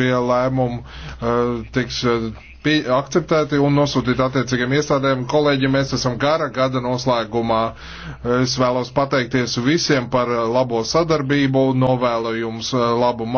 šie lēmumi eh, tiks eh, pie, akceptēti un nosūtīti attiecīgiem iestādēm. Kolēģi, mēs esam gara gada noslēgumā. Es vēlos pateikties visiem par eh, labo sadarbību, novēlu jums labu.